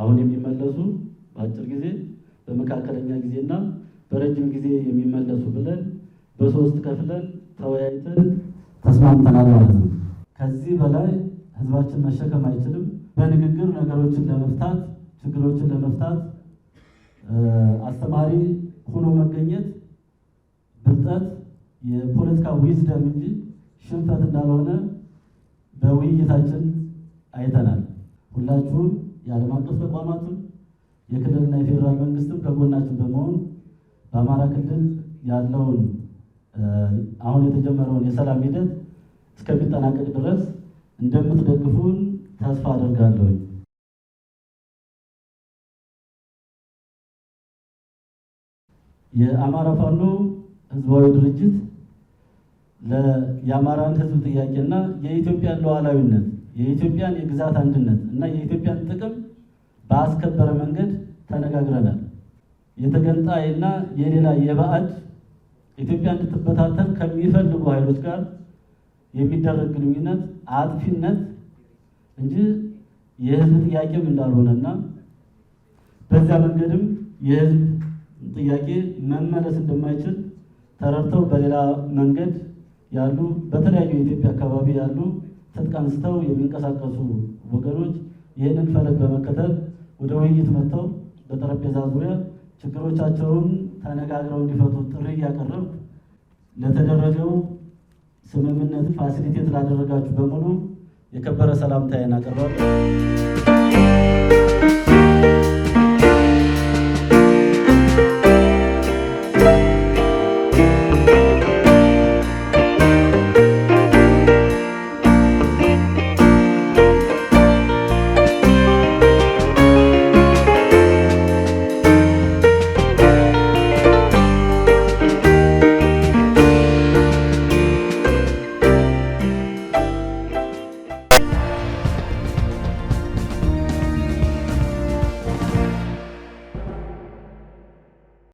አሁን የሚመለሱ በአጭር ጊዜ በመካከለኛ ጊዜና በረጅም ጊዜ የሚመለሱ ብለን በሶስት ከፍለን ተወያይተን ተስማምተናል ማለት ነው። ከዚህ በላይ ህዝባችን መሸከም አይችልም። በንግግር ነገሮችን ለመፍታት ችግሮችን ለመፍታት አስተማሪ ሆኖ መገኘት ብልጠት የፖለቲካ ዊዝደም እንጂ ሽንፈት እንዳልሆነ በውይይታችን አይተናል። ሁላችሁም የዓለም አቀፍ ተቋማትም የክልልና የፌዴራል መንግስትም ከጎናችን በመሆን በአማራ ክልል ያለውን አሁን የተጀመረውን የሰላም ሂደት እስከሚጠናቀቅ ድረስ እንደምትደግፉን ተስፋ አደርጋለሁኝ። የአማራ ፋኖ ህዝባዊ ድርጅት የአማራን ህዝብ ጥያቄና የኢትዮጵያን ሉዓላዊነት የኢትዮጵያን የግዛት አንድነት እና የኢትዮጵያን ጥቅም በአስከበረ መንገድ ተነጋግረናል። የተገንጣይና የሌላ የባዕድ ኢትዮጵያ እንድትበታተን ከሚፈልጉ ኃይሎች ጋር የሚደረግ ግንኙነት አጥፊነት እንጂ የህዝብ ጥያቄም እንዳልሆነና በዚያ መንገድም የህዝብ ጥያቄ መመለስ እንደማይችል ተረድተው በሌላ መንገድ ያሉ በተለያዩ የኢትዮጵያ አካባቢ ያሉ ትጥቅ አንስተው የሚንቀሳቀሱ ወገኖች ይህንን ፈለግ በመከተል ወደ ውይይት መጥተው በጠረጴዛ ዙሪያ ችግሮቻቸውን ተነጋግረው እንዲፈቱ ጥሪ እያቀረብ ለተደረገው ስምምነት ፋሲሊቴት ላደረጋችሁ በሙሉ የከበረ ሰላምታዬን አቀርባለሁ።